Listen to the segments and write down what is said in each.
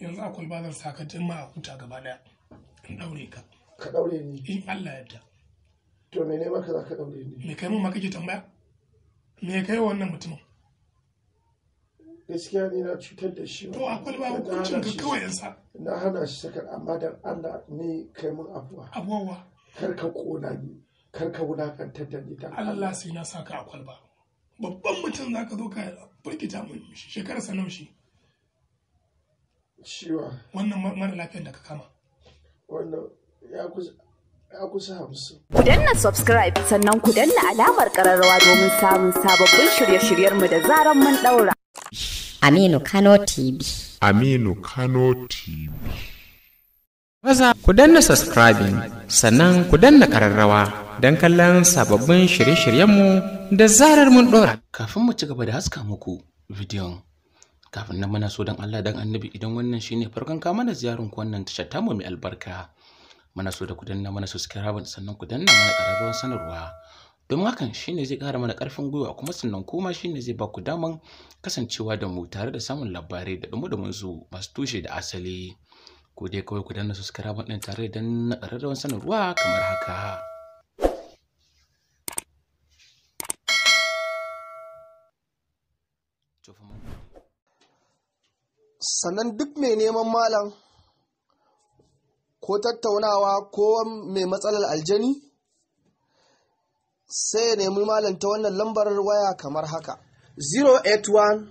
yanzu akwai ba zan saka jin a huta gaba daya in daure ka ka daure ni in Allah ya ta to me ne maka za ka daure ni me kai mun maka ke tambaya me kai wannan mutumin gaskiya ne na cutar da shi to akwai ba hukuncin ka kawai yansa na hana shi sakar amma dan Allah ne kai mun abuwa abuwa kar ka kona ni kar ka wulakantar da ni dan Allah sai na saka akwalba babban mutum zaka zo ka burkita mun shekarar sanaushi ciwon wannan mara lafiyar da ka kama wannan ya kusa ya kusa hamsin. Ku danna subscribe sannan ku danna alamar kararrawa domin samun sababbin shirye-shiryenmu da zaran mun daura. Aminu Kano TV. Aminu Kano TV. Maza ku danna subscribing sannan ku danna kararrawa don kallon sababbin shirye-shiryenmu da zarar mun ɗora. Kafin mu ci gaba da haska muku bidiyon kafin nan muna so don Allah dan annabi idan wannan shine farkon ka mana ziyarun ku wannan tashar mu mai albarka muna so da ku danna mana subscribe sannan ku danna mana ƙararrawar sanarwa don hakan shi ne zai ƙara mana ƙarfin gwiwa kuma sannan kuma ne zai ba ku daman kasancewa da mu tare da samun labarai da dumu da su masu tushe da asali ko dai kawai ku danna subscribe din tare da danna ƙararrawar sanarwa kamar haka sannan duk mai neman malam ko tattaunawa ko mai matsalar aljani sai ya nemi malam ta wannan lambar waya kamar haka 081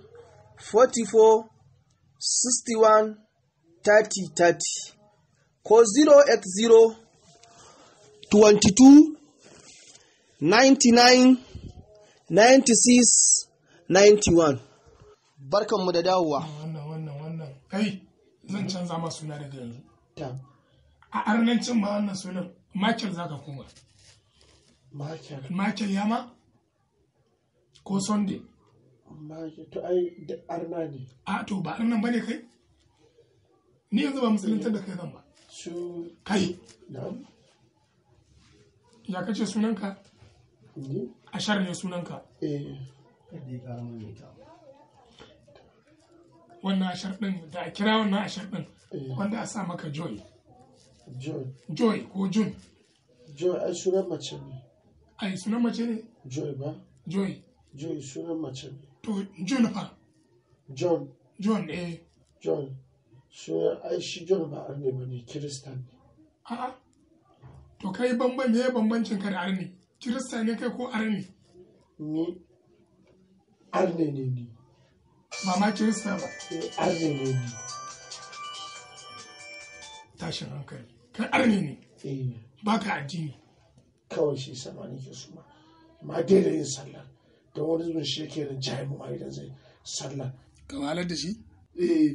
44 61 30 30 ko 080 22 99 96 91 barkanmu da dawowa kai zan canza ma suna daga yanzu a arnancin ma wannan sunan makil za ka koma makil yama ko sunday to ai arna ne a to ba arnan ba ne kai ni yanzu ba musulunta da kai zan ba kai ya kace sunanka A ne sunanka eh wannan ashar din da a kira wannan ashar din eh. wanda a sa maka joy joy ko jun joy ai sunan mace ne ai sunan mace ne joy ba joy joy sunan mace ne to jun fa john john eh john so ai shi john ba arne ba ne kiristan ne a'a to kai bambam me bambancin ka da arne kirista ne kai ko arne ni arne ne ni mama kirista ba arzini tashin hankali kan arni ne eh. ba ka addini kawai shi sama nake su ma ma daina yin sallah don wani zuwan shi yake da jami'a idan zai sallah kamalar da shi Eh.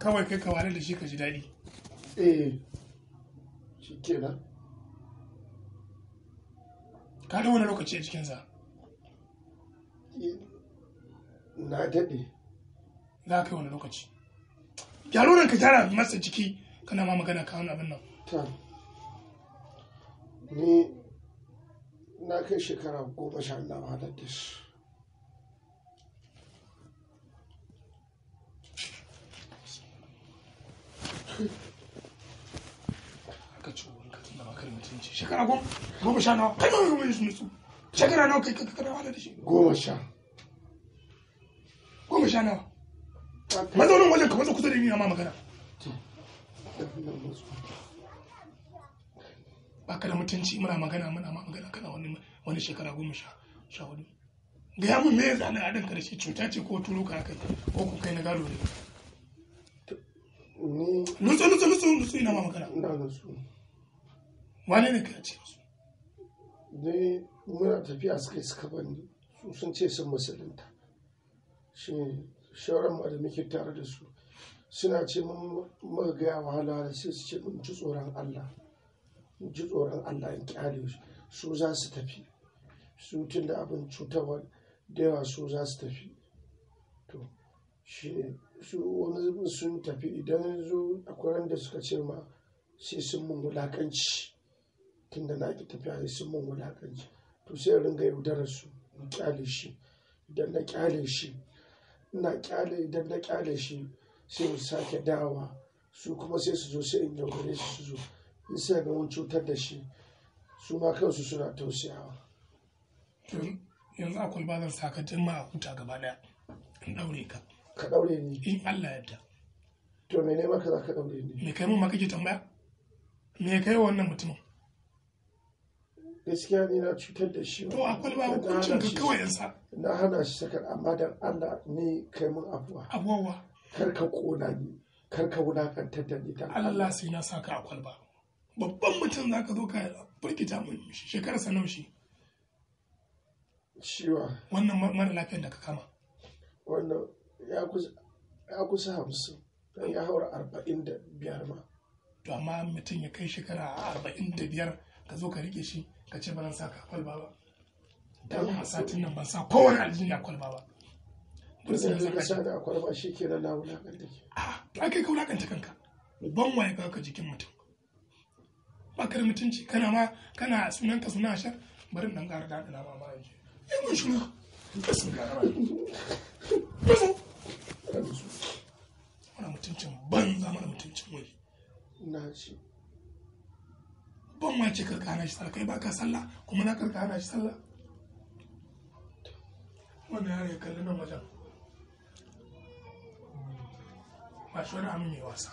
kawai kai kamalar da shi ka ji daɗi eh shi kenan ka da wani lokaci a cikinsa na daɗe za ka yi wani lokaci gyaro ka gyara masa jiki kana ma magana ka wani abin nan ni na kai shekara goma sha Allah da su shekara nawa kai ka kana wahala da shi goma sha goma sha nawa mazaunin wajen ka kusa da ni na ma magana ba ka da mutunci muna magana muna ma magana kana wani wani shekara goma sha sha hudu ga yamun me yanzu ana adin karshe cuta ce ko turo ka kai ko ku kai na gado ne nutsu nutsu nutsu nutsu ina ma magana wane ne ka ce musu muna tafiya suka yi suka bani su sun ce sun musulunta shi shauran ma da muke tare da su suna ce mun magaya wahala da sai su ce mun ji tsoron Allah mun ji tsoron Allah in kyale su za su tafi su tun da abin cutarwa da yawa su za su tafi to shi su wani zubin sun tafi idan zo akwai wanda suka ce ma sai sun mun wulakanci tun da na ki tafiya sai sun mun wulakanci to sai in ringa yaudarar su in kyale shi idan na kyale shi ina kyale idan na kyale shi sai in sake dawa su kuma sai su zo sai in yaudare su su zo in sai ga wani cutar da shi su ma kansu suna tausayawa yanzu akwai bazar sakatun ma a huta gaba daya in daure ka ka daure ni in Allah ya ta to me ne maka za ka daure ni me kai mun maka ke tambaya me kai wannan mutumin gaskiya ne na cutar da shi to akwai ba hukuncin ka kawai yansa na hana shi sakar amma dan Allah ne kai mun abuwa abuwa kar ka kona ni kar ka wulakantar da ni ta. Allah sai na saka a kwalba babban mutum zaka zo ka burkita mun shekarar sa naushi shiwa. wannan mara lafiyar da ka kama wannan ya kusa ya kusa hamsin ya haura arba'in da biyar ma to amma mutum ya kai shekara arba'in da biyar ka zo ka rike shi ka ce ba sa ka kwalba ba dan a satin nan ban sa kowane ya kwalba ba burtsin da zaka sa da kwalba shi ke da lawo na kan take a ah, to akai ka wulakanta kanka ban waye ka ka jikin mutum ba ka da mutunci kana ma kana sunan ka suna shar barin dan gara da na mama yanzu yi mun shiru burtsin gara ba mutuncin ban zama mutuncin wani na ban ma ce karka hana shi sallah kai baka sallah kuma na karka hana shi sallah wanda ya kalli nan wajen ba shi wani amin mai wasa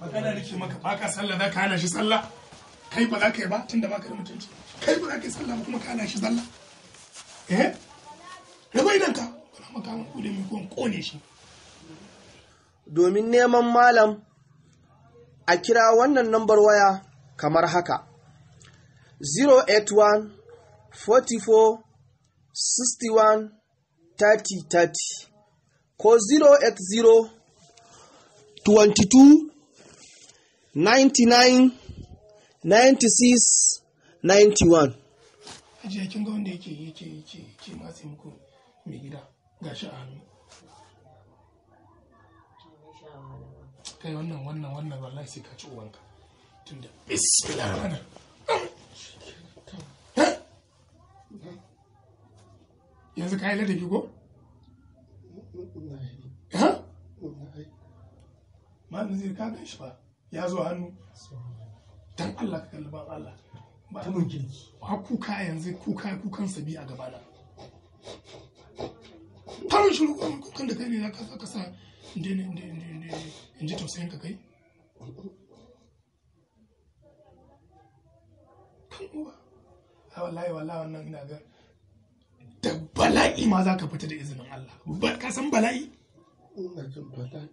magana da ke maka baka sallah za ka hana shi sallah kai ba za ka yi ba tun da ba ka da mutunci kai ba za ka yi sallah ba kuma ka na shi sallah eh raba idan ka wala makamin ku da mai gon kone shi domin neman malam a kira wannan lambar waya kamar haka 081 44 61 30 30 ko 080 22 99 96 91 ajiya kin ga wanda yake yake yake yake matsi muku mai gida gashi a kai wannan wannan wannan wallahi sai ka ci uwanka bismillah yanzu ka yi ladabi ko ha zai ka gan shi ba ya zo hannu dan Allah ka kalli ban Allah ba ta mun kirki ba kuka yanzu kuka kukan sabi a gaba na ta shi shiru kuma kukan da kai ne zaka saka sa inde ne inde inde inde in ji tausayin ka kai kan wallahi wallahi wannan ina ga da bala'i ma za ka fita da izinin Allah ba ka san bala'i ina bala'i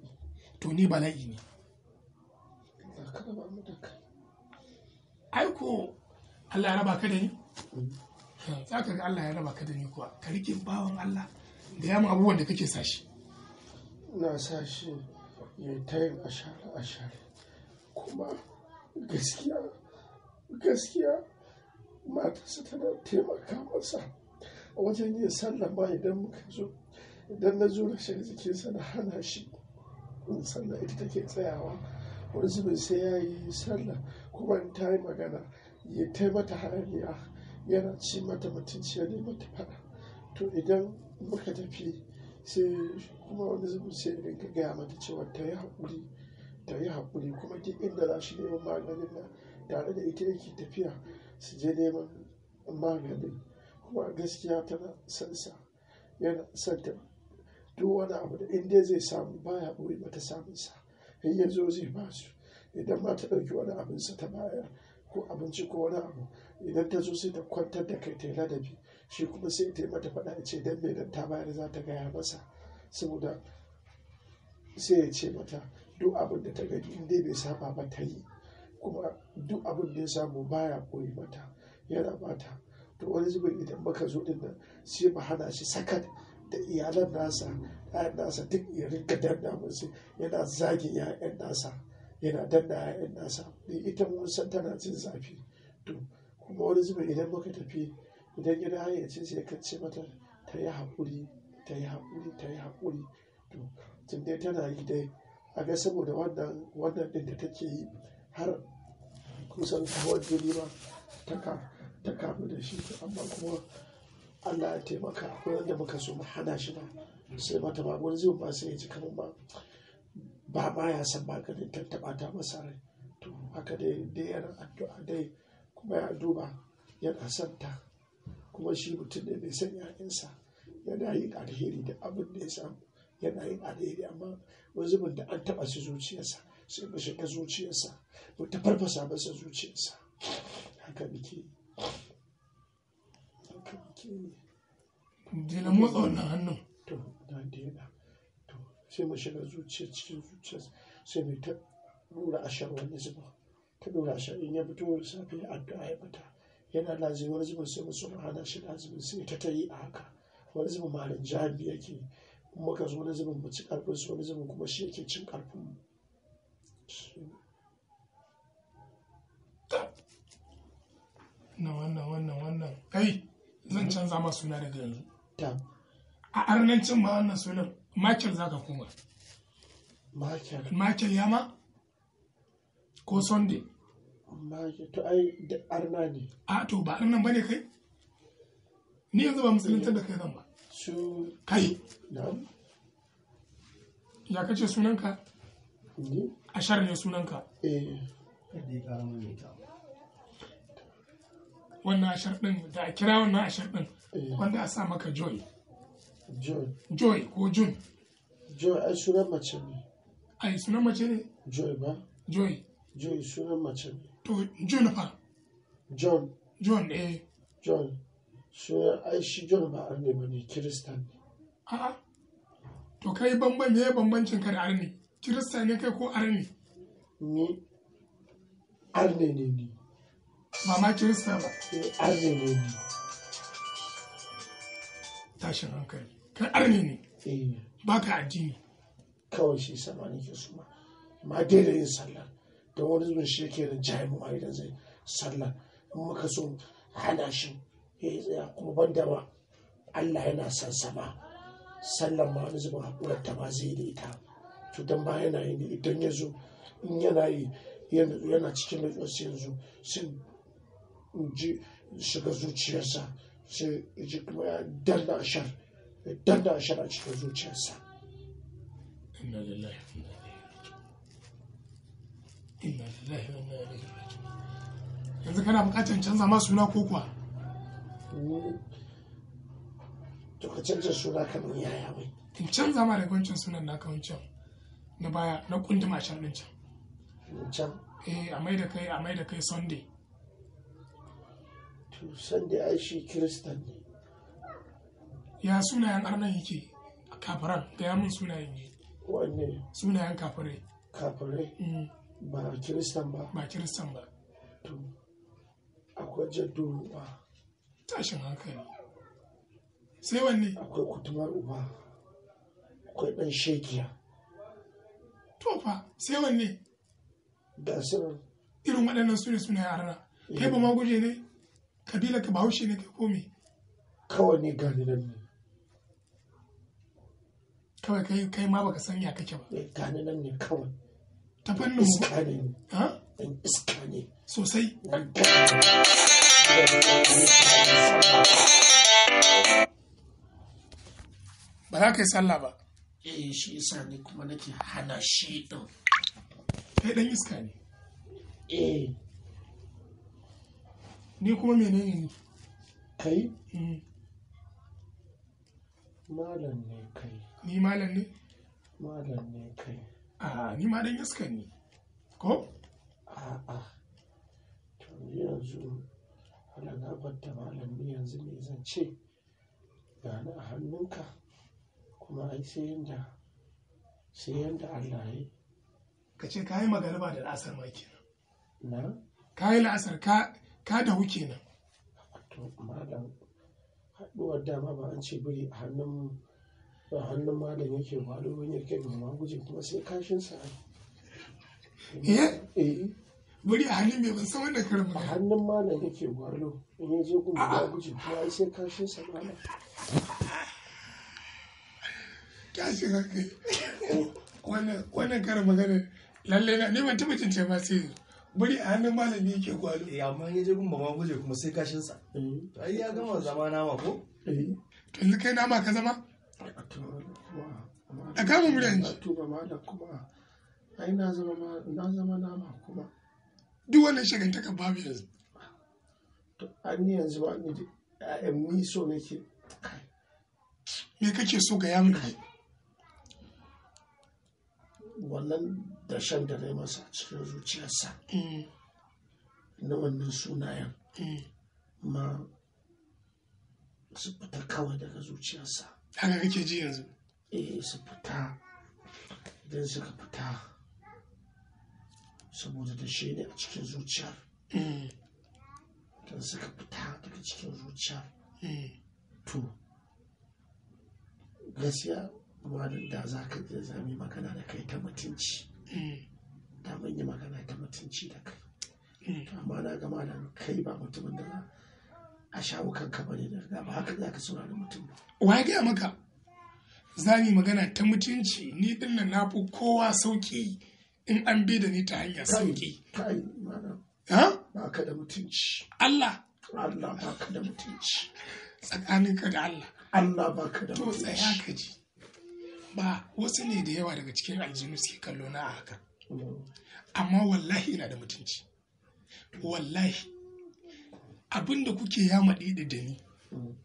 to ni bala'i ne ka ba mu da kai aiko Allah ya raba ka da ni za ka ga Allah ya raba ka da ni kuwa ka rike bawan Allah da yamin abubuwan da kake sashi na sashi ya ta yin ashara ashara kuma gaskiya gaskiya matarsa tana taimaka masa wajen yin ba idan muka zo idan na zo rashin jikinsa na hana shi sannan ita take tsayawa wani zubin sai ya yi sallah kuma in ta yi magana ya ta mata hayaniya yana ci mata mutunci ya ta fada to idan muka tafi sai kuma wani zubin sai in ka gaya mata cewa ta yi haƙuri ta yi haƙuri kuma duk inda za shi neman maganin na tare da ita yake tafiya su je neman maganin kuma gaskiya tana sansa yana ta duk wani abu da inda zai samu baya ɓoye mata samun sa in ya zo zai ba su idan ma ta ɗauki wani abinsa ta baya ko abinci ko wani abu idan ta zo sai ta kwantar da kai ta yi ladabi shi kuma sai ta yi mata faɗa ya ce dan me dan ta bayar za ta gaya masa saboda sai ya ce mata duk abin da ta gani in dai bai saba ba ta yi kuma duk abin da ya samu baya koyi mata yana bata to wani zubin idan baka zo din nan sai ba hana shi sakat da iyalan nasa ɗayan nasa duk ya rinka danna musu yana zagi ‘ya'yan nasa yana danna ‘ya'yan nasa da ita mun san tana cin zafi to kuma wani zuba idan muka tafi idan gida ce sai kan ce mata ta yi haƙuri ta yi haƙuri ta yi haƙuri to tun dai tana yi dai a ga saboda wannan wannan ɗin da take yi har kusan hawan jini ma ta kamu da shi amma kuma Allah ya taimaka akwai wanda muka so mu hana shi ba sai mata ba wani zai ba sai ya ci kamar ba ba ma ya san maganin tattaɓa ta masa rai to haka dai dai yana addu'a dai kuma ya duba yana son ta kuma shi mutum ne mai son ya'yansa yana yin alheri da abin da ya samu yana yin alheri amma wazubin da an taɓa shi zuciyarsa sai mu shiga zuciyarsa mu ta farfasa masa zuciyarsa haka muke je na motsa wannan hannun to da to sai mu shiga zuciya cikin zuciya sai mu ta dora ashar wani zuba ta dora ashar in ya fito safe addu'a ya fita yana lazimi wani sai mu hana shi sai ta ta yi a haka wani zubin jami yake muka zo wani zubin mu ci karfin su wani kuma shi yake cin karfin mu wannan wannan wannan kai zan canza ma suna daga yanzu a arnancin ma wannan sunan makel za ka koma makel yama ko sunday to ai arna ne a to ba arnan bane kai ni yanzu ba musulunta da kai zan ba kai ya kace sunanka ashar ne sunanka eh wannan ashar din da a kira wannan ashar din eh. wanda a sa maka joy joy ko jun joy ai sunan mace ne ai sunan mace ne joy ba joy joy sunan mace ne to jun fa john john eh john so ai shi john ba arne ba ne kiristan ne a'a to kai bamban me bambancin ka da arne Kiristan ne kai ko arne ni arne ne ni Mama Kirista ba. Arzini Tashin hankali. kan arni ne. Eh. Ba ka addini. Kawai shi sama nake su ma. Ma daina yin sallah. Don wani zubin shi yake da jahimu ma idan zai sallah. In muka so hana shi ya yi tsaya kuma banda da ba. Allah yana son sama. Sallan ma wani zubin haƙurar ta ba zai da ita. To don ba yana yin idan ya zo in yana yi yana cikin nutsuwa yanzu sun shiga zuciyarsa sai ji kuma ya danna shar ya danna shar a cikin zuciyarsa inna lillahi inna lillahi inna ilaihi yanzu kana bukatar canza ma suna ko kuwa to ka canza suna kamar yaya mai in canza ma da wancan sunan na kawancin na baya na kundin ashar din can eh a mai da kai a mai da kai sunday to da ai shi kiristan ne ya sunayen arnan yake kafiran gaya min sunayen ne. wanne sunayen kafirai kafirai mm. ba kiristan ba ba kiristan ba to akwai jaddu ba tashin hankali sai wanne akwai kutumar uba akwai dan shekiya to fa sai wanne ga irin waɗannan su sunayen arna kai eh. ba ma guje ne kabila ka bahaushe ne ka kome kawai ne gani nan ne kawai kai kai ma baka san ya kake ba gani nan ne kawai ta fannin iska ne ha iska ne sosai ba za ka yi sallah ba eh shi isa ne kuma nake hana shi din kai dan iska ne eh. ni kuma menene ne kai mm. malam ne kai ni malam ne malam ne kai a ni ma dan iska ne ko a a to yanzu ana gabar malam ne yanzu me zan ce ga ni a hannunka kuma ai sai yanda sai yanda Allah ya ka ce ka yi magariba da asar ma kenan na ka yi la'asar ka kada wuke nan to malam haduwar dama ba an ce biri a hannun ba hannun malam yake ba wado wani yake ba ma guje kuma sai kashin sa eh eh biri a hannun mai ban san wannan karin ba hannun malam yake gwalo in ya je kuma ba guje kuma sai kashin sa malam kashin hankali wannan karin magana lallai na neman tabbacin ce ma sai buri a hannun malami yake gwalo eh amma ya je gumba ma guje kuma sai kashin sa to eh. ai ya gama zama nama ko eh yanzu kai nama ka zama a kama muren A to ba malam kuma ai na zama na zama nama kuma duk wannan shagantaka babu yanzu to an ni yanzu ba ni ƴaƴan ni so nake me kake so ga yamin kai wannan da shan da rai masa cikin zuciyarsa mm. na wannan sunayen mm. ma su fita kawai daga zuciyarsa haka kake ji yanzu eh su fita idan suka fita saboda da shi ne a cikin zuciyar mm. idan suka fita daga cikin zuciyar to gaskiya wani da za ka je zami magana da kai ta mutunci ta yi magana ta mutunci da kai hmm. amma na gama da kai ba mutumin da a shawo kanka bane da riga ba haka zaka sura saurari mutum ba wa gaya maka za ni magana ta mutunci ni din nan na fi kowa sauki in an bi da ni ta hanya sauki ha ba ka da mutunci Allah Allah ba ka da mutunci tsakaninka da Allah Allah ba ka da mutunci to tsaya ka ji ba wasu ne da yawa daga cikin aljinu suke kallo na a haka mm. amma wallahi ina da mutunci wallahi abinda kuke ya maɗi da ni mm.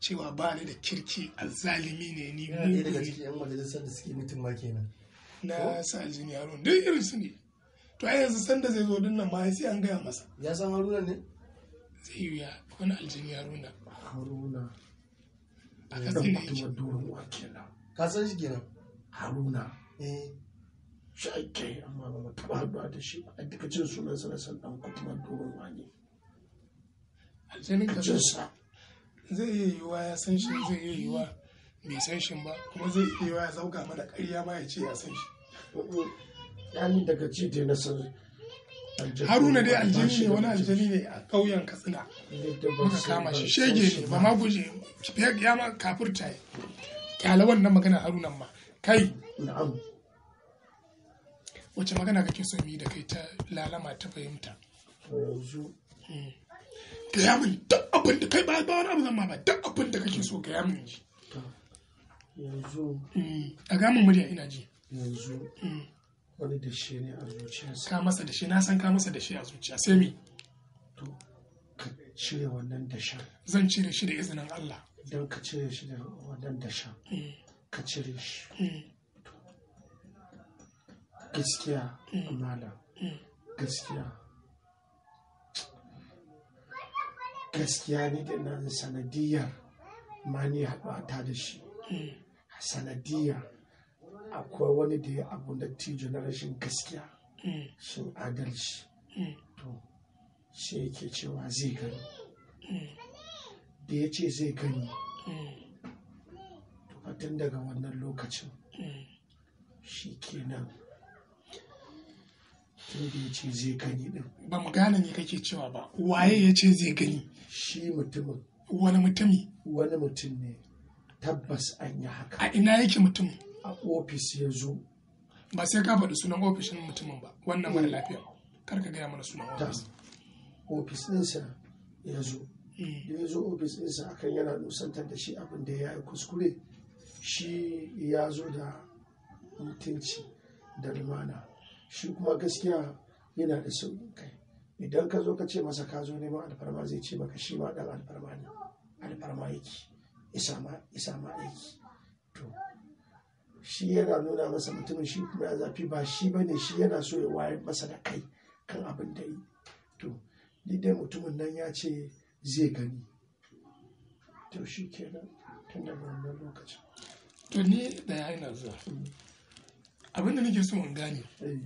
cewa ba ni da kirki a zalimi ne ni na sa aljini haruna irin su ne to ai yanzu sanda zai zo dinnan ma sai an gaya masa ya san haruna ne zai yi ya wani aljini haruna haruna a kasin da yake ka san shi kenan haruna eh shi ake amma ba mu taba ba da shi a duka cin sunan sa na san dan kuma dogon wani aljanin ka sa zai iya yiwuwa ya san shi zai iya yiwuwa bai san shi ba kuma zai iya yiwuwa ya zauka mana ƙarya ma ya ce ya san shi yani daga ce dai na san haruna dai aljani ne wani aljani ne a ƙauyen katsina muka kama shi shege ne ba ma guje ya ma kafurta kyala wannan magana harunan ma kai Wacce wace magana kake son yi da kai ta lalama ta fahimta hmm. gaya min duk abin da kai ba ba wani abu zan ma ba duk abin da kake so gaya min ji hmm. a gamin murya ina ji yanzu hmm. wani da shi ne a zuciyarsa ka masa da shi na san ka masa da shi a zuciya sai me to ka cire wannan shan zan cire shi da izinin Allah idan ka cire shi da wannan dashen eh. ka cire shi eh. gaskiya eh. malam gaskiya gaskiya ne da na sanadiyar ma ni haɗata da shi sanadiyar akwai wani da ya abu da tijo na rashin gaskiya sun adalci to shi yake cewa zai gani da ya ce zai gani hmm. tun daga wannan lokacin hmm. shi kenan tun da ya ce zai gani din ba mu gane ne kake cewa ba waye ya ce zai gani shi mutumin wani mutumi wani mutum ne tabbas an yi haka a ina yake mutum a ofis ya zo ba sai ka faɗi sunan ofishin mutumin ba wannan mara eh. lafiya kar ka gaya mana sunan ofis ofis ɗinsa ya zo Eh. ya zo ofis ɗinsa akan yana nusantar da shi abin da ya yi kuskure shi ya zo da mutunci da lumana shi kuma gaskiya yana da sauƙin kai idan ka zo ka ce masa ka zo neman alfarma zai ce maka shi ma ɗan alfarma ne alfarma yake isa ma aiki to shi yana nuna masa mutumin shi kuma ya zafi ba shi ba ne shi yana so ya wayar masa da kai kan abin da yi to dai mutumin nan ya ce zai gani to shi kenan tun da wannan lokacin to ni da ya yana zuwa abinda nake so in gane eh.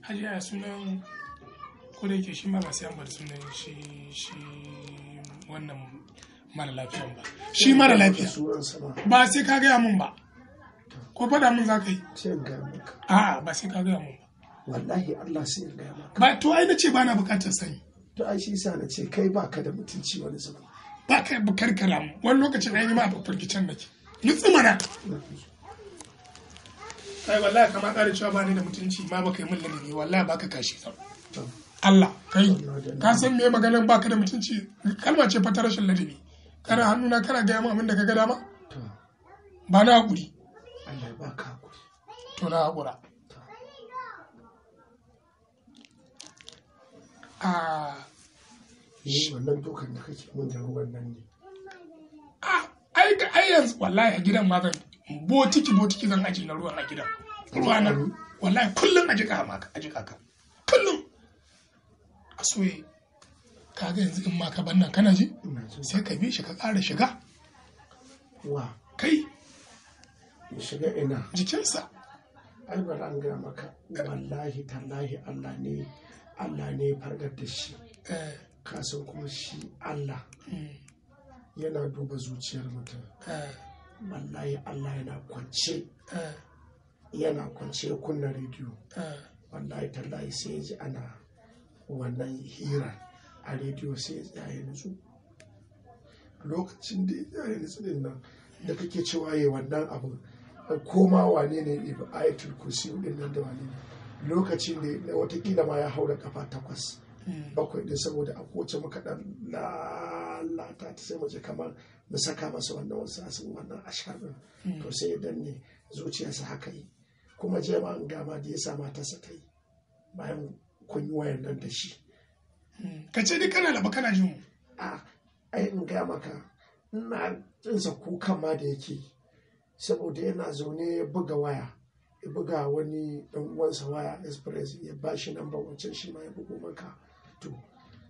hajiya sunan ko da yake shi ma ba sai an bar sunan shi shi wannan mara lafiyan ba shi mara lafiya ba sai ka gaya mun ba ko faɗa mun za ka yi a ba sai ka gaya mun ba wallahi Allah sai ya gaya maka ba to ai nace ce ba na bukatar sani to ai shi sa na ce kai ba ka da mutunci wani zama ba ka yi karkara kalamu wani lokacin ai ma a da nake nutsu mana kai wallahi kamar ƙara cewa ba ni da mutunci ma ba kai mun ladabi wallahi ba ka kashi. sau Allah kai ka san me maganar ba ka da mutunci kalma ce fata rashin ladabi kana hannuna kana gaya min abin da ka ga dama ba na haƙuri Allah ba ka haƙuri to na haƙura a ah. yi wannan dukan da kake mun da ruwan nan ne ah, ai ga ai yanzu wallahi a gidan ma zan botiki botiki zan aje na ruwan a gidan ruwa na wallahi kullum aje ka maka aje ka ka kullum a soye ka ga yanzu in ma ka bannan kana ji sai ka bi shi ka ƙara shiga wa kai shiga ina jikinsa ai ba an gaya maka wallahi tallahi Allah ne Allah ne ya fargar da shi eh. kasan kuma shi Allah eh. yana duba zuciyar mutum eh. wallahi Allah yana kwance yana kwance kunna rediyo wallahi tallahi sai ji ana wannan hira a rediyo sai ya tsaya nutsu lokacin da ya yi nutsu din nan da kake cewa ya wannan abu koma wane ne ayatul kursi din nan da wane ne lokacin da watakila ma ya haura kafa takwas mm. bakwai din saboda a kowace muka dan lalata ta sai mace kamar mu saka masa wannan wasu asin wannan ashar din mm. to sai ya danne zuciyarsa haka yi kuma jema in gama da ya sa matarsa ta yi bayan kun yi wayan nan da shi mm. ka ce ni kana laba kana jin a ai in ga maka ina jinsa kukan ma da yake saboda yana zaune buga waya ya buga wani dan uwansa waya express ya ba shi namba wancan shi ma ya bugo maka to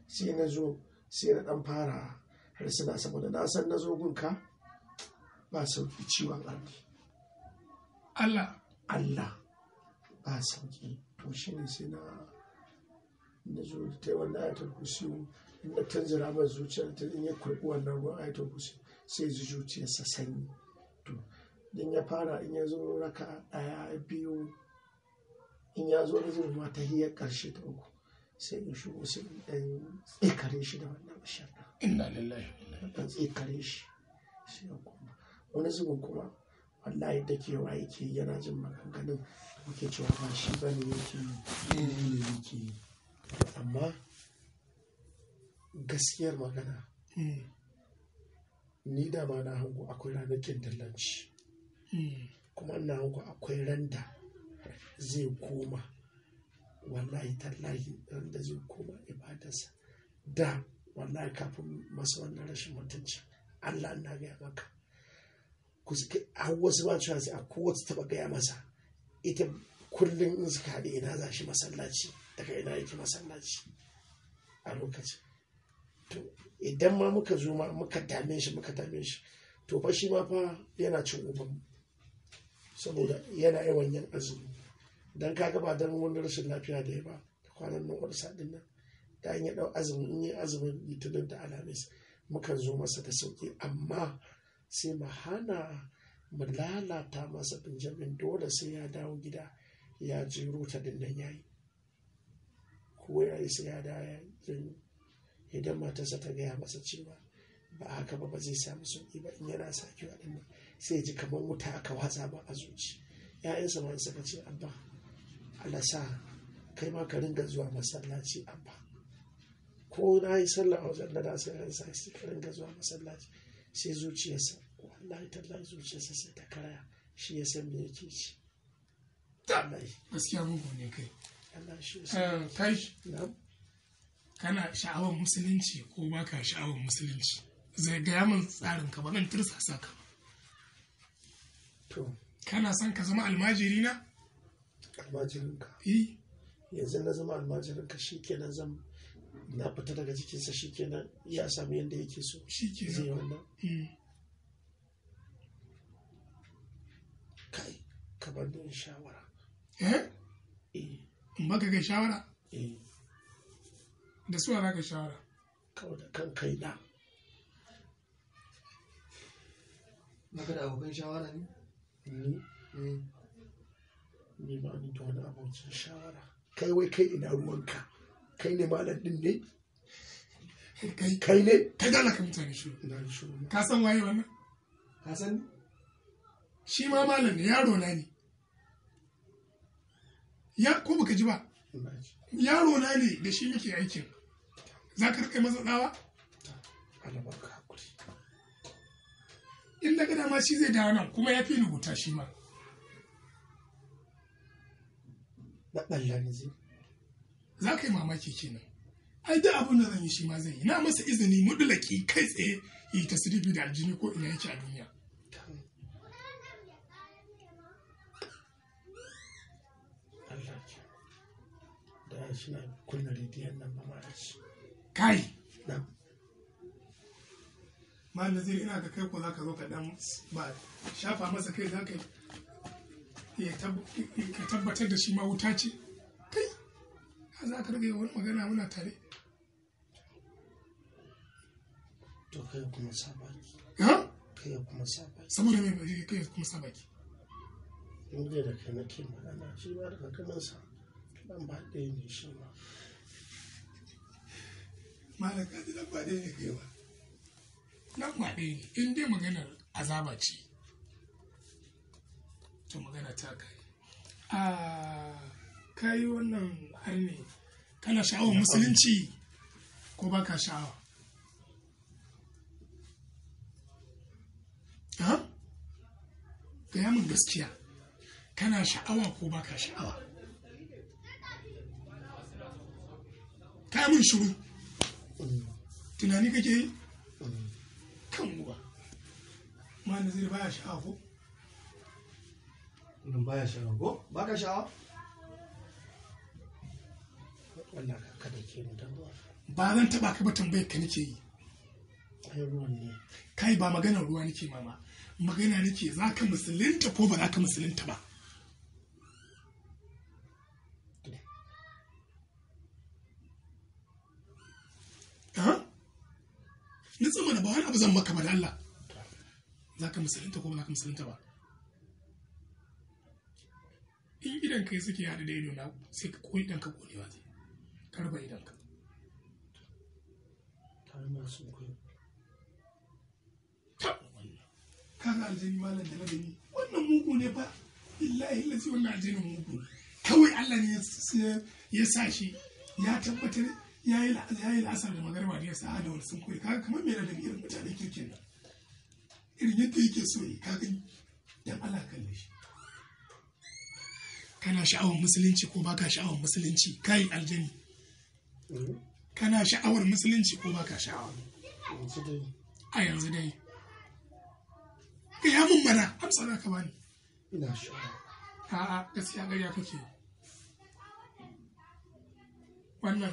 sai na zo sai na dan fara harsuna saboda na san na zo gunka ba sauki ciwon arki Allah Allah ba sauki to shi ne sai na na zo da ta yi wannan ayatul kusi na tanzira ba zuciya ta yi ya kurbi wannan ruwan ayatul kusi sai zuciyarsa sanyi to idan ya fara in ya zo raka daya biyu in ya zo zai zuwa ta hiyar ƙarshe ta uku sai in shigo sai in dan tsikare shi da wannan bishiyar inna lillahi ɗan tsikare shi sai ya koma wani zubin kuma wallahi da kewa yake yana jin maganganun muke cewa ba shi ba ne yake yi yake yi amma gaskiyar magana eh. ni da ma na hango akwai ranakin dallanci kuma na muku akwai randa zai koma wallahi tallahi randa zai koma ibadarsa da wallahi kafin masa wannan rashin mutunci Allah na gaya maka ku suke wasu ba cewa sai a kowace taba gaya masa ita kullum in suka haɗe ina za shi masallaci daga ina yake masallaci a lokacin to idan ma muka zo ma muka dame shi muka dame shi to fa shi ma fa yana cin uban saboda yana yawan yin azumi dan ka gaba dan wani rashin lafiya da ya ba kwanan nan wani sadin nan da an yi dau azumin in yi azumin litinin da alhamis mukan zo masa da sauki amma sai mu hana mu lalata masa benjamin dole sai ya dawo gida ya ji ta din nan yi. ko ya yi sai ya dawo ya yi idan matarsa ta gaya masa cewa ba haka ba ba zai samu sauki ba in yana sakewa din nan sai ji kamar wuta aka watsa ba a zuci ya'yansa ma suka ce abba Allah sa kai ma ka ringa zuwa masallaci abba ko na yi sallah a wajen da sai ran sa sai ka ringa zuwa masallaci sai zuciyarsa wallahi tallahi zuciyarsa sai ta karaya shi ya san me yake ci tallahi gaskiya mugu ne kai Allah shi eh, kai kana sha'awar musulunci ko ba ka sha'awar musulunci Zai gaya min tsarin ka ba zan sa ka to kana son ka zama almajiri na almajirin ka eh yanzu na zama almajirin ka shikenan zan na fita daga jikinsa shikenan ya sami yadda yake so shikenan zai wannan hmm. kai ka ba don shawara eh eh in baka ga shawara eh da suwa za shawara kawai da kan kai na. Baka da abokan shawara ne? Ni? Mm. Ni ba ni da wani shawara. Kai wai kai ina ruwanka. Kai ne malam din ne? Kai ne? Ka dala ka mutane shiru. Ka san waye wannan? Ka san ni? Shi ma malam ne yaro na ne. Ya ko baka ji ba? Yaro na ne da shi muke aikin. Za ka rika masa in daga dama ma shi zai dawo nan kuma ya fi rubuta shi ma za ka yi mamaki kenan ai da abin da zan yi shi ma zan yi na masa izini mudulaki kai tsaye yi sirifi da aljini ko ina yake a duniya kai ma zai ina ga kai ko za ka zo ka dan ba shafa masa kai za ka ka tabbatar da shi ma wuta ce kai za ka rage wani magana muna tare to kai kuma sabaki ha kai kuma sabaki saboda me bai kai kuma sabaki mun da kai na ke magana shi ba daga sa dan ba ɗaya ne shi ma malaka da ba dai ne kai ba nan kwaɗe in dai maganar azaba ce to magana ta kai a kayi wannan harni kana sha'awar musulunci ko ba ka sha'awa ha gaya min gaskiya kana sha'awa ko ba ka sha'awa ka min shuru mm. tunani kake yi mm. kan uwa ma nazir baya sha'awa ko nan baya sha'awa ko ba ka sha'awa wannan ka da ke da ruwa ba zan taba ka ba tambayar ka nake yi kai ba magana ruwa nake mama magana nake za ka musulunta ko ba za ka musulunta ba Ni tsammana ba wani abu zan maka ba da Allah za ka musulunta ko ba za ka musulunta ba in idan kai suke haɗu da ido na sai ka koyi idan ka kone ba zai karba idan ka kaga aljani malam da labani wannan mugu ne ba illahi lazi wannan aljani mugu kawai Allah ne ya sa shi ya tabbatar ya yi la'asar da magarba ma ya sa da wani sun koyi kaga kamar mai daga irin mutane kirkin nan irin yadda yake so ne kaga dan Allah kalle shi kana sha'awar musulunci ko baka sha'awar musulunci kai aljani kana sha'awar musulunci ko baka sha'awar a yanzu dai ka ya mun mana amsa za ka bani ina sha'awa a'a gaskiya gariya kake wannan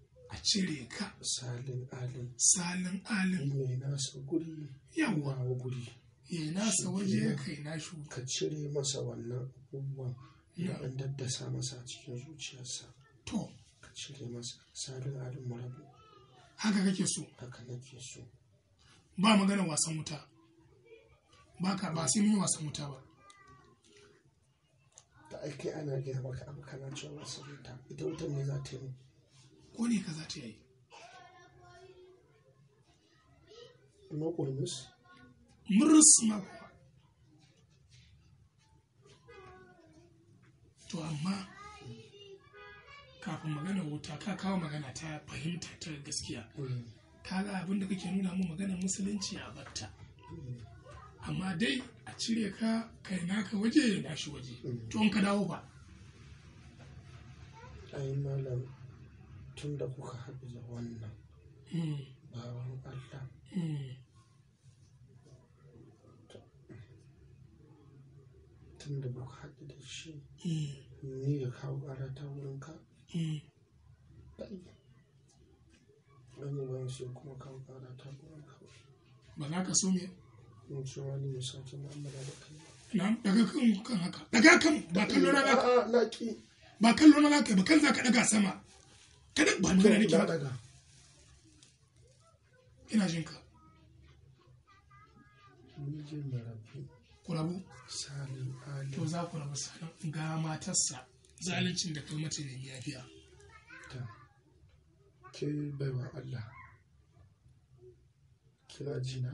a cire ka salin alin salin alin mai nasa guri yawa guri ya nasa waje ya kai nashi ka cire masa wannan abubuwan da an daddasa masa a cikin zuciyarsa to ka cire masa salin alin marabu haka kake so haka nake so ba magana wasan wuta ba ka ba sai mun wasan wuta ba da ake ana gina maka abu kana cewa wasan wuta ita wutan ne za ta yi ne ka za ta yi to amma kafin magana wuta ka kawo magana ta fahimta ta gaskiya mm. ga abin da kake nuna mu maganar musulunci a batta amma dai a cire ka kai naka waje ya nashi waje mm. to ka dawo ba ayi malam tun da kuka haɗu da wannan eh. baban Allah eh. tun da kuka haɗu da shi eh. ni ya kawo ƙarata ta wurinka ɗanyi bayan sai kuma kawo ƙarata ta wurinka ba za ka so ne in ci wani misali mu'amala da kai na daga kan haka daga kan ba kallon rana ba kallon ba kai ba kan za ka daga sama kadan ba magana nake ba ina jin ka kurabu to za ku rabu ga matarsa zaluncin da kai mace da yafiya ke baiwa Allah kina jina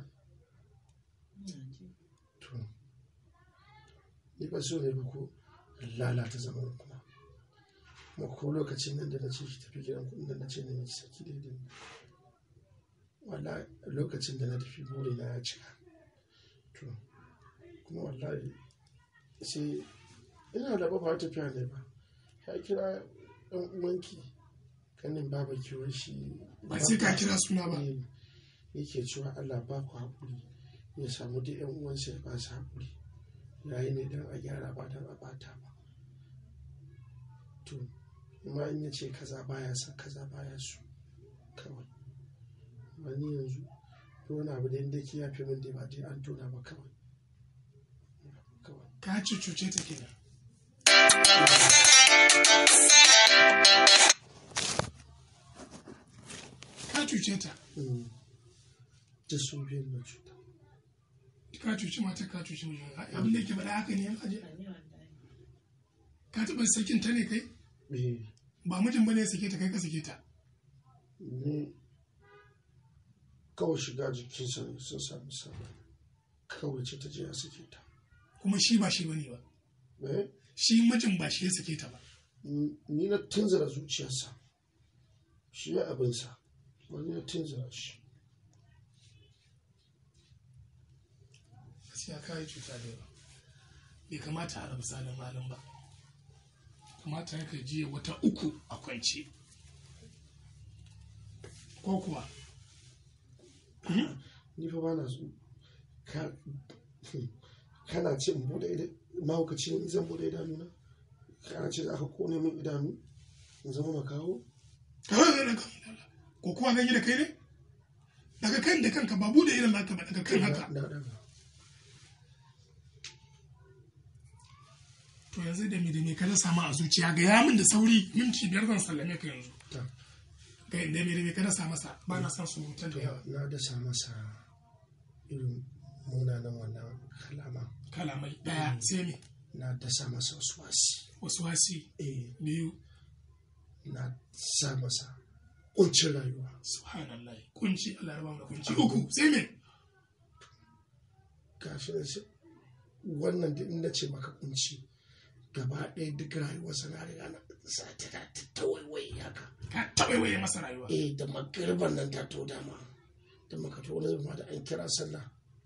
to ni ba so ne ba ku lalata zaman ku kuma ko lokacin nan da na ce tafi gidan kuɗin nan na ce na miki saki daidai wala lokacin da na tafi buri na ya cika to kuma wallahi sai ina da ba tafiya ne ba ya kira ɗan uwanki kanin baba kiwon shi ba sai ka kira suna ba eh, yake cewa Allah ba ku haƙuri ya samu da ƴan uwansa ya ba su haƙuri yayi ne dan a gyara ba dan a bata ba to amma in ya ce kaza baya sa kaza baya su kawai amma ni yanzu duk wani abu da inda ke fi min da ba dai an tona ba kawai ka ci cuce ta kenan ka cuce ta da su biyun na cuta ka cuce mata ka cuce mijin abin da ke bada haka ne ya kaje ka taɓa sakin ta ne kai eh. ba mijin bane ya sake ta kai ka sake ta ni kawai shiga jikinsa ne sun sami sabon kawai ce ta je ya sake ta kuma shi ba shi bane ba shi mijin ba shi ya sake ta ba ni na tunzara zuciyarsa shi ya abinsa wani na tunzara shi gaskiya kayi cuta da yawa bai kamata a rabu salin malin ba kamata ya ka jiya wata uku a kwance ko kuwa hmm? ni fa bana so kana ce in bude idan mahaukaci ne zan bude idanu na kana ce ka kone min idanu in zama kawo. ko kuma ganye da kai ne daga kan da kanka ba bude idan naka ba daga kan haka to yanzu da me da me ka samu a zuciya ga yamin da sauri minti biyar zan sallame ka yanzu ga inda me da me ka samu sa ba na son surutan da yawa na da samu sa irin munanan wannan kalama kalamai daya mm. sai ne na da sa wasuwasi wasuwasi eh biyu na sa masa rayuwa subhanallah kunci Allah ya ba mu kunci uku sai me kafin wannan da in na ce maka kunci gaba ɗaya duk rayuwarsa na riga na ta tawaiwaye haka ta tawaiwaye masa rayuwa eh da magriban nan ta to dama da maka to wani zama da an kira sallah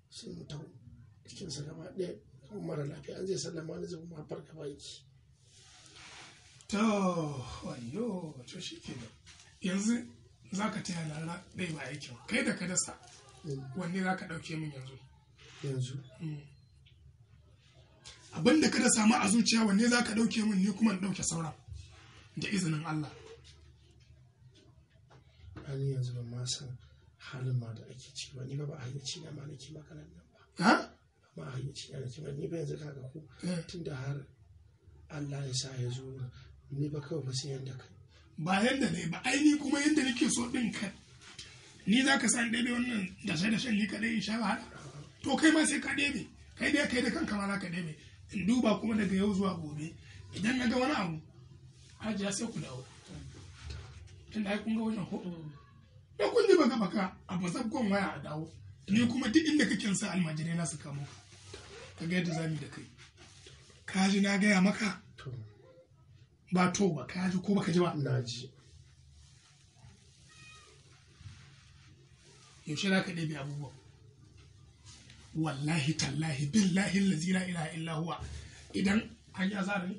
sai mu tawo jikinsa gaba ɗaya kuma mara lafiya an zai sallah ma wani zama ma farka ba yake to wayo to shi ke yanzu za ka taya lalla ɗaya ba aikin kai da ka dasa mm. wanne za ka ɗauke min yanzu yanzu mm. abin da ka samu a zuciya wanne za ka ɗauke min ne kuma in ɗauke sauran da izinin Allah hali yanzu ba ma san halin ma da ake ci ba ni ba ba ci na ma nake maganar nan ba ha ba hayyaci na nake ba ni ba yanzu kaga ku eh. tunda har Allah ya sa ya zo ni ba kawai ba sai yanda kai ba yanda ne ba ai ni kuma yanda nake so din ka. ni za ka san daidai wannan da sai da shan ni kaɗai in sha wahala to kai ma sai ka ɗebe kai dai kai da kanka ma za ka ɗebe duba kuma daga yau zuwa gobe idan na ga wani abu hajiya sai ku dawo tun da kun ga wajen hudu da kun ji baka baka a masabkon waya a dawo ni kuma duk inda kake sa almajirai na su kamo ka ga yadda da kai ka ji na gaya maka ba to ba ka ji ko baka ji ba na ji yaushe za ka ɗabi abubuwa? wallahi tallahi billahi allazi la ilaha illa huwa idan an yi azhar ne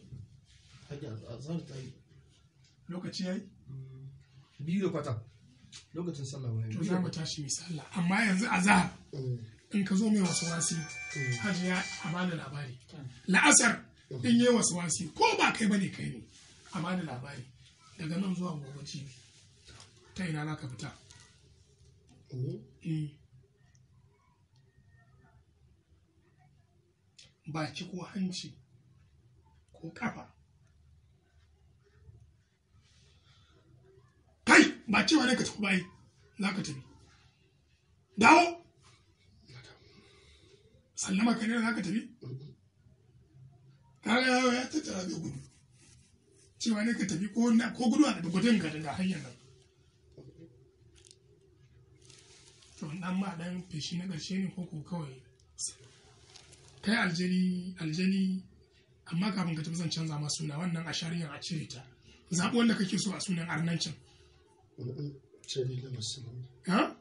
azhar ta yi lokaci yi? Mm. biyu da kwata lokacin sallah wani to za mu tashi mu sallah amma yanzu azhar mm. in ka zo mai wasu wasi mm. hajiya a da labari la'asar in yi wasu wasi ko ba kai bane kai ne a da labari daga nan zuwa gobe ta ina za ka fita baki ko hanci ko kafa kai ba cewa ne ka tafi bayi za ka tafi dawo sallama ka ne za ka tafi kaga yawo ya tattara da gudu cewa ne ka tafi ko gudu a da gudun ka daga hanyar nan to dan ma dan feshi na ƙarshe ne ko ko kawai kai aljani aljani amma kafin ka tafi zan canza ma suna wannan a shari'ar a cire ta zaɓi wanda kake so a sunan arnancin ha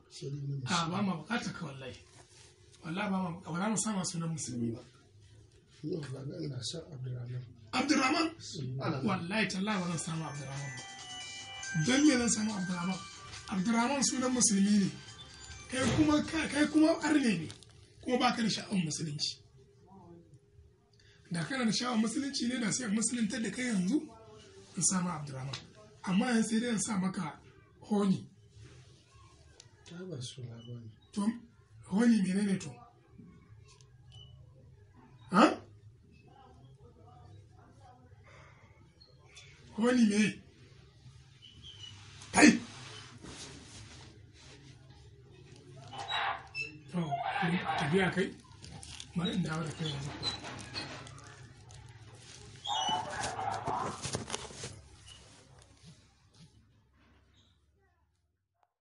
a ba ma bukatar ka wallahi wallahi ba ma ba za mu sama sunan musulmi ba abdurrahman wallahi tallahi ba zan samu abdurrahman ba don me zan samu abdurrahman abdurrahman sunan musulmi ne kai kuma kai kuma arne ne kuma ba ka da sha'awar musulunci da kana da sha'awar musulunci ne da sai musuluntar da kai yanzu in samu abdurrahman amma yanzu sai dai in sa maka honi to honi ne to ha honi me kai to tafiya kai bari in dawo da kai yanzu